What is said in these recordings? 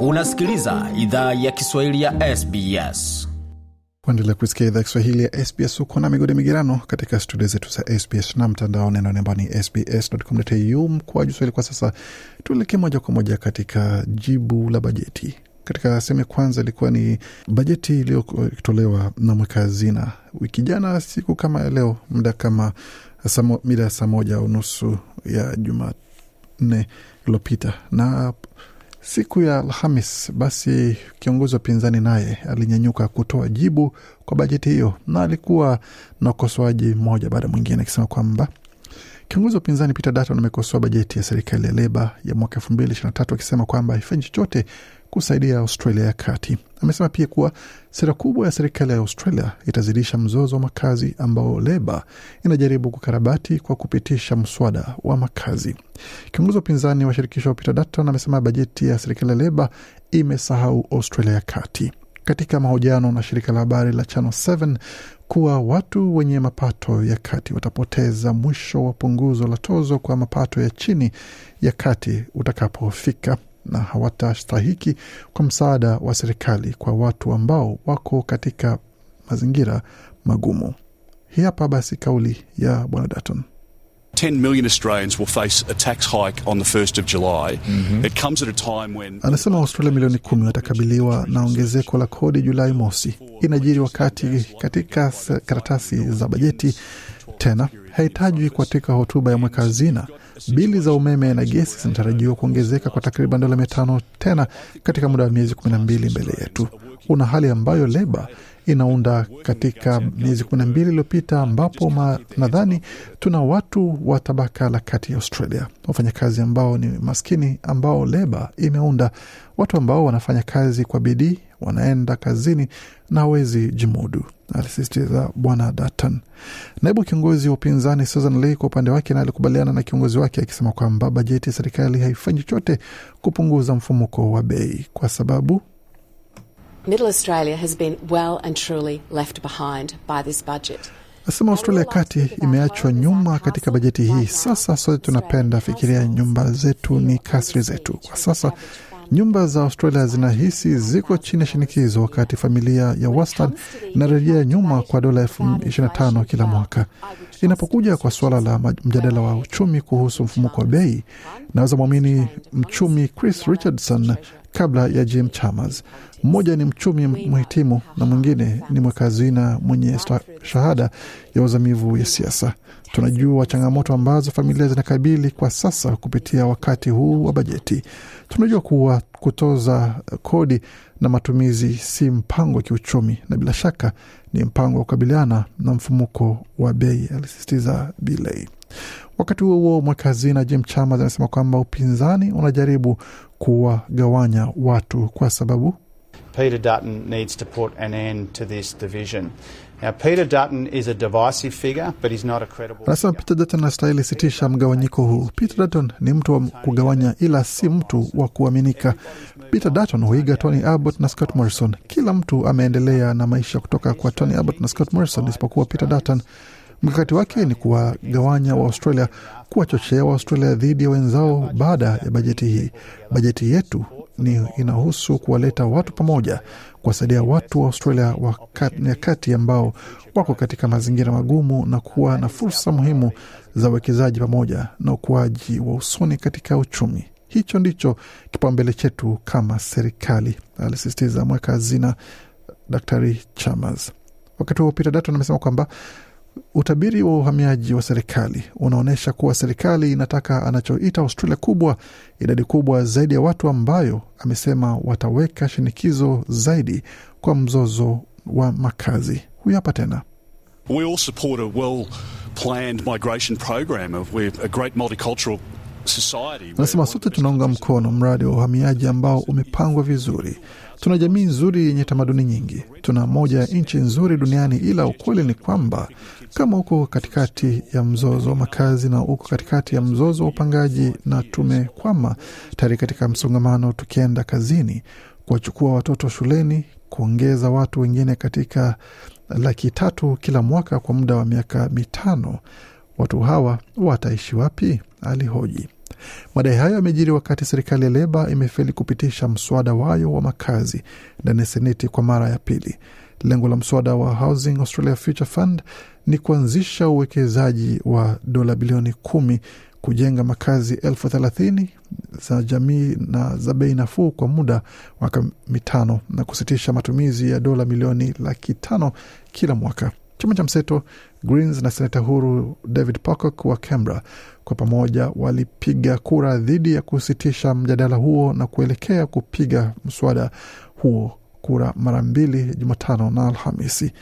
Unasikiliza idhaa ya Kiswahili ya SBS. Kuendelea kusikia idhaa ya Kiswahili ya SBS huko na migodi migerano katika studio zetu za SBS na mtandaoni anaonembani sbs.com.au mkoaju swahili. Kwa sasa tuelekee moja kwa moja katika jibu la bajeti. Katika sehemu ya kwanza ilikuwa ni bajeti iliyotolewa na mweka hazina wiki jana, siku kama leo, mda kama mida ya saa moja unusu ya Jumanne iliopita na Siku ya Alhamis basi kiongozi wa pinzani naye alinyanyuka kutoa jibu kwa bajeti hiyo, na alikuwa na ukosoaji mmoja baada mwingine akisema kwamba kiongozi wa upinzani Peter Dutton amekosoa bajeti ya serikali ya Leba ya mwaka elfu mbili ishirini na tatu akisema kwamba haifanyi chochote kusaidia Australia ya kati. Amesema pia kuwa sera kubwa ya serikali ya Australia itazidisha mzozo wa makazi ambao Leba inajaribu kukarabati kwa kupitisha mswada wa makazi. Kiongozi wa upinzani wa shirikisho Peter Dutton amesema bajeti ya serikali ya Leba imesahau Australia ya kati katika mahojiano na shirika la habari la Channel 7 kuwa watu wenye mapato ya kati watapoteza mwisho wa punguzo la tozo kwa mapato ya chini ya kati utakapofika na hawatastahiki kwa msaada wa serikali kwa watu ambao wako katika mazingira magumu. Hii hapa basi kauli ya Bwana Dutton. 10 million Australians will face a tax hike on the 1st of July. Mm-hmm. It comes at a time when Anasema Australia milioni kumi watakabiliwa na ongezeko la kodi Julai mosi. Inajiri wakati katika karatasi za bajeti tena haitajwi katika hotuba ya mweka hazina Bili za umeme na gesi zinatarajiwa kuongezeka kwa takriban dola mia tano tena katika muda wa miezi kumi na mbili mbele yetu. Kuna hali ambayo leba inaunda katika miezi kumi na mbili iliyopita, ambapo nadhani tuna watu wa tabaka la kati ya Australia, wafanyakazi ambao ni maskini, ambao leba imeunda, watu ambao wanafanya kazi kwa bidii, wanaenda kazini na wezi jimudu alisisitiza Bwana Dutton. Naibu kiongozi wa upinzani Susan Lee kwa upande wake na alikubaliana na kiongozi wake akisema kwamba bajeti ya serikali haifanyi chochote kupunguza mfumuko wa bei kwa sababu Middle Australia Nasema Australia kati imeachwa nyuma katika bajeti hii. Sasa sote tunapenda fikiria, nyumba zetu ni kasri zetu. Kwa sasa Nyumba za Australia zinahisi ziko chini ya shinikizo, wakati familia ya wastani inarejea nyuma kwa dola elfu ishirini na tano kila mwaka. Inapokuja kwa suala la mjadala wa uchumi kuhusu mfumuko wa bei, naweza mwamini mchumi Chris Richardson kabla ya Jim Chalmers. Mmoja ni mchumi mhitimu na mwingine ni mwekazina mwenye shahada ya uzamivu ya siasa. Tunajua changamoto ambazo familia zinakabili kwa sasa kupitia wakati huu wa bajeti. Tunajua kuwa kutoza kodi na matumizi si mpango wa kiuchumi, na bila shaka ni mpango wa kukabiliana na mfumuko wa bei, alisisitiza Bilei. Wakati huo huo, mweka hazina Jim Chalmers amesema kwamba upinzani unajaribu kuwagawanya watu kwa sababu Peter Dutton needs to put an end to this division. Now, Peter Dutton is a divisive figure, but he's not a credible. Anasema Peter Dutton anastahili sitisha mgawanyiko huu. Peter Dutton ni mtu wa kugawanya, ila si mtu wa kuaminika. Peter Dutton huiga Tony Abbott na Scott Morrison. Kila mtu ameendelea na maisha kutoka kwa Tony Abbott na Scott Morrison isipokuwa Peter Dutton. Mkakati wake ni kuwagawanya Waaustralia, kuwachochea Waaustralia dhidi ya wenzao baada ya bajeti hii. Bajeti yetu ni inahusu kuwaleta watu pamoja, kuwasaidia watu wa Australia nyakati ambao wako katika mazingira magumu na kuwa na fursa muhimu za uwekezaji pamoja na ukuaji wa usoni katika uchumi. Hicho ndicho kipaumbele chetu kama serikali, alisisitiza mweka hazina Daktari Chalmers. Wakati huo Peter Dutton amesema kwamba Utabiri wa uhamiaji wa serikali unaonyesha kuwa serikali inataka anachoita Australia kubwa, idadi kubwa zaidi ya watu, ambayo amesema wataweka shinikizo zaidi kwa mzozo wa makazi. Huyu hapa tena. We all support a well planned migration program of a great multicultural Anasema sote tunaunga mkono mradi wa uhamiaji ambao umepangwa vizuri. Tuna jamii nzuri yenye tamaduni nyingi, tuna moja ya nchi nzuri duniani, ila ukweli ni kwamba kama uko katikati ya mzozo wa makazi na uko katikati ya mzozo wa upangaji, na tumekwama tayari katika msongamano, tukienda kazini, kuwachukua watoto shuleni, kuongeza watu wengine katika laki tatu kila mwaka kwa muda wa miaka mitano, watu hawa wataishi wapi? alihoji. Madai hayo yamejiri wakati serikali ya Leba imefeli kupitisha mswada wayo wa makazi ndani ya Seneti kwa mara ya pili. Lengo la mswada wa Housing Australia Future Fund ni kuanzisha uwekezaji wa dola bilioni kumi kujenga makazi elfu thelathini za jamii na za bei nafuu kwa muda mwaka mitano na kusitisha matumizi ya dola milioni laki tano kila mwaka. Chama cha mseto Greens na seneta huru David Pocock wa cambra kwa pamoja walipiga kura dhidi ya kusitisha mjadala huo na kuelekea kupiga mswada huo kura mara mbili Jumatano na Alhamisi.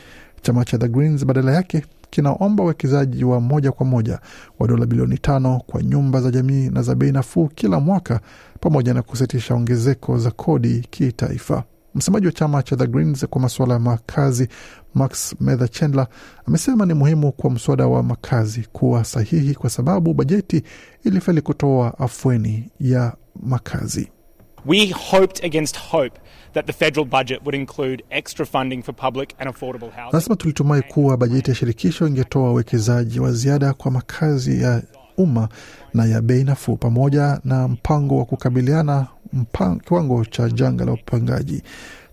Chama cha the Greens badala yake kinaomba uwekezaji wa moja kwa moja wa dola bilioni tano kwa nyumba za jamii na za bei nafuu kila mwaka pamoja na kusitisha ongezeko za kodi kitaifa. Msemaji wa chama cha The Greens kwa masuala ya makazi Max Mather Chandler amesema ni muhimu kwa mswada wa makazi kuwa sahihi kwa sababu bajeti ilifeli kutoa afueni ya makazi. We hoped against hope that the federal budget would include extra funding for public and affordable housing. tulitumai kuwa bajeti ya shirikisho ingetoa uwekezaji wa ziada kwa makazi ya umma na ya bei nafuu pamoja na mpango wa kukabiliana kiwango cha janga la upangaji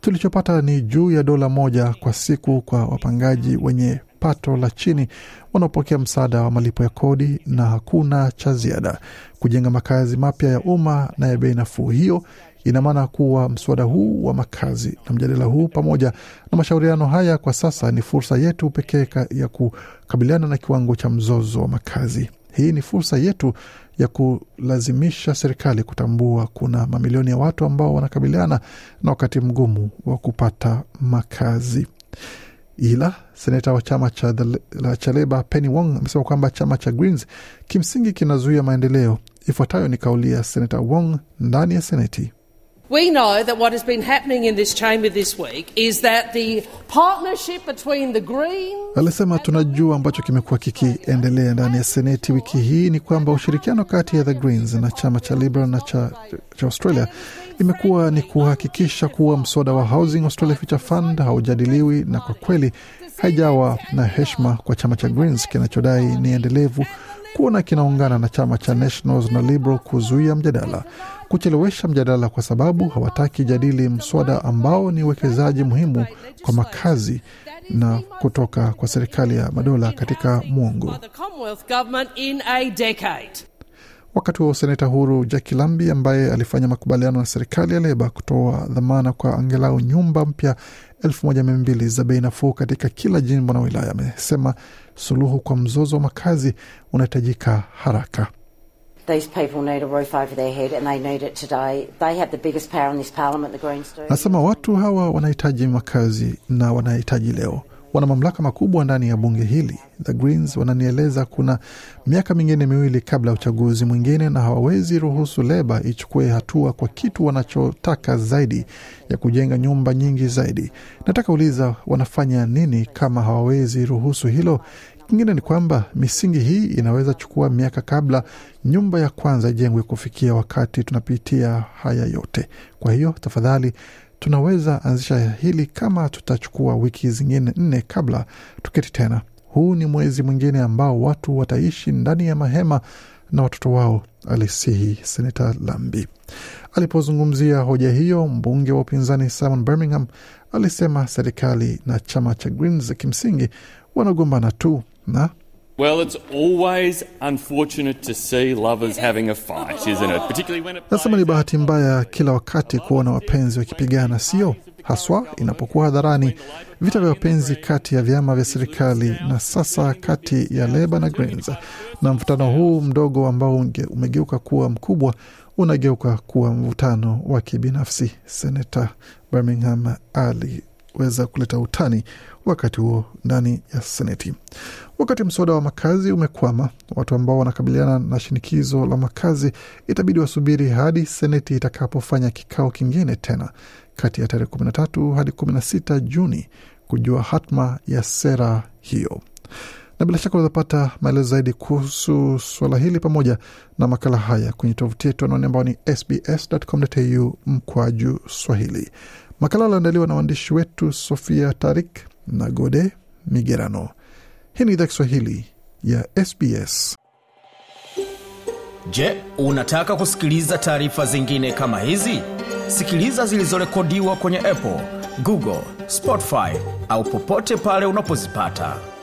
tulichopata ni juu ya dola moja kwa siku kwa wapangaji wenye pato la chini wanaopokea msaada wa malipo ya kodi na hakuna cha ziada kujenga makazi mapya ya umma na ya bei nafuu. Hiyo ina maana kuwa mswada huu wa makazi na mjadala huu pamoja na mashauriano haya kwa sasa ni fursa yetu pekee ya kukabiliana na kiwango cha mzozo wa makazi. Hii ni fursa yetu ya kulazimisha serikali kutambua kuna mamilioni ya watu ambao wanakabiliana na wakati mgumu wa kupata makazi. Ila seneta wa chama cha, cha Leba Penny Wong amesema kwamba chama cha Greens kimsingi kinazuia maendeleo. Ifuatayo ni kauli ya seneta Wong ndani ya Seneti. We know that what has been happening in this chamber this week is that the partnership between the Greens. Alisema tunajua ambacho kimekuwa kikiendelea ndani ya Seneti wiki hii ni kwamba ushirikiano kati ya the Greens na chama cha Liberal na cha, cha Australia imekuwa ni kuhakikisha kuwa mswada wa Housing Australia Future Fund haujadiliwi, na kwa kweli haijawa na heshima kwa chama cha Greens kinachodai ni endelevu kuona kinaungana na chama cha Nationals na Liberal kuzuia mjadala kuchelewesha mjadala kwa sababu hawataki jadili mswada ambao ni uwekezaji muhimu kwa makazi na kutoka kwa serikali ya madola katika mwongo. Wakati wa seneta huru Jaki Lambi ambaye alifanya makubaliano na serikali ya Leba kutoa dhamana kwa angalau nyumba mpya 12 za bei nafuu katika kila jimbo na wilaya, amesema suluhu kwa mzozo wa makazi unahitajika haraka. Anasema watu hawa wanahitaji makazi na wanahitaji leo. Wana mamlaka makubwa ndani ya bunge hili. The Greens wananieleza kuna miaka mingine miwili kabla ya uchaguzi mwingine, na hawawezi ruhusu Leba ichukue hatua kwa kitu wanachotaka zaidi ya kujenga nyumba nyingi zaidi. Nataka uliza wanafanya nini kama hawawezi ruhusu hilo, Kingine ni kwamba misingi hii inaweza chukua miaka kabla nyumba ya kwanza ijengwe kufikia wakati tunapitia haya yote. Kwa hiyo tafadhali, tunaweza anzisha hili kama tutachukua wiki zingine nne kabla tuketi tena. Huu ni mwezi mwingine ambao watu wataishi ndani ya mahema na watoto wao, alisihi Senata Lambi. Alipozungumzia hoja hiyo, mbunge wa upinzani Simon Birmingham alisema serikali na chama cha Greens kimsingi wanagombana tu No? Well, it's always unfortunate to see lovers having a fight, isn't it? Particularly when it Nasema ni bahati mbaya kila wakati kuona wapenzi wakipigana, sio haswa inapokuwa hadharani. Vita vya wapenzi kati ya vyama vya serikali na sasa kati ya Leba na Greens, na mvutano huu mdogo ambao umegeuka kuwa mkubwa unageuka kuwa mvutano wa kibinafsi. senata Birmingham Ali kuweza kuleta utani wakati huo ndani ya Seneti. Wakati mswada wa makazi umekwama, watu ambao wanakabiliana na shinikizo la makazi itabidi wasubiri hadi Seneti itakapofanya kikao kingine tena kati ya tarehe 13 hadi 16 Juni kujua hatma ya sera hiyo na bila shaka utapata maelezo zaidi kuhusu suala hili pamoja na makala haya kwenye tovuti yetu anaoni ambao ni sbs.com.au mkwaju Swahili. Makala aliandaliwa na waandishi wetu Sofia Tarik na Gode Migerano. Hii ni idhaa Kiswahili ya SBS. Je, unataka kusikiliza taarifa zingine kama hizi? Sikiliza zilizorekodiwa kwenye Apple, Google, Spotify au popote pale unapozipata.